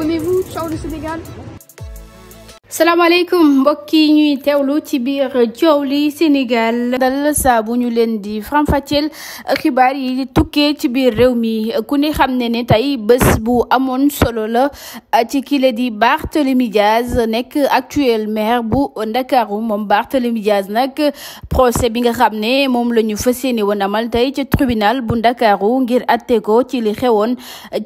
abonnez-vous, ciao le Sénégal Salam alaikum, bokini, ñuy tibir, ci Sénégal dal sa bu ñu leen di Tuke reumi. xibaar yi tukkee ci biir réew mi ku ne xam ne solo la ci di Diaz actuel maire bu Ndakaaru moom Barthélemy Diaz nak procès bi nga xam ne moom la amal tribunal bu gir, ngir tili ko ci li xewoon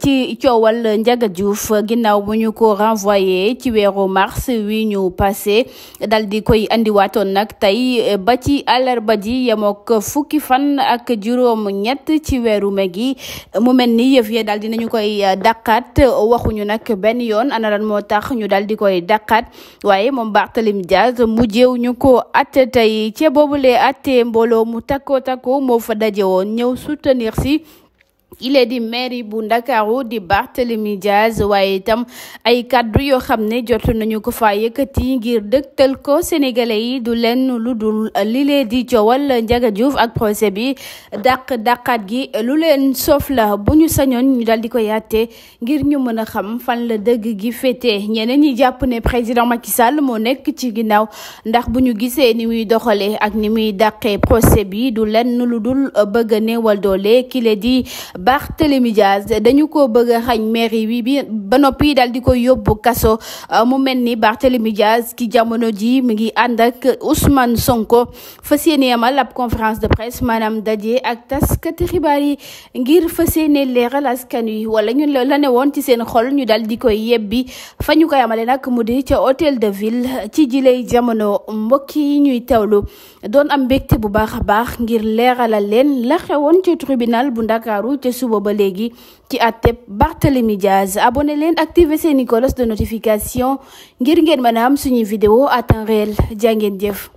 ci ciowal Ndiaga Diouf renvoyé ci mars wi ñu passé dal di koy andiwaatoon nag tey eh, ba ci àllarba ji yemook fukki fan ak juróom ñett ci weeru me gi mu mel ni yëf yee daal di nañu koy eh, dàqaat waxuñu nag benn yoon ana moo tax ñu daal di koy dàqaat waaye moom Barthélémy Dias mu jéew ñu ko atte tey ca boobule atte eh, mbooloo mu takko takko moo fa daje woon ñëw soutenir si ile di mairie bu ndakaaru di Barthélemy Diaz waaye itam ay kàddu yoo xam ne jot nañu ko fa yëkkati ngir dëgtal ko sénégalais yi du lenn lu dul li lee di coowal Ndiaga Diouf ak procès bi dàq dàqaat gi lu leen soof la bu ñu sañoon ñu dal di ko yàtte ngir ñu mën a xam fan la dëgg gi féete ñeneen ñi jàpp ne président Macky Sall moo nekk ci ginnaaw ndax bu ñu gisee ni muy doxalee ak ni muy dàqee procès bi du lenn lu dul bëgg a doole ki di Barthélémy Diaz dañu ko bëgg xagn maire mairie wi bi ba nopi dal di ko euh, mu Diaz ki jamono Ousmane Sonko fassiyene yamal conférence de presse Madame daje ak taskati xibaar yi ngir fassiyene yéene askan wi wala ñu la ne ci seen xol ñu dal di yebbi mu di hôtel de ville ci jilay jamono mbokk yi ñuy teewlu doon am mbégte bu baaxa baax ngir tribunal bu sous suba ba léegi ci àtteb Diaz abonné vous activez les Nicolas de notification ngir ngeen mën a am vidéo à temps réel jàngeen jëf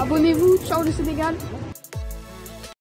Abonnez-vous, ciao le Sénégal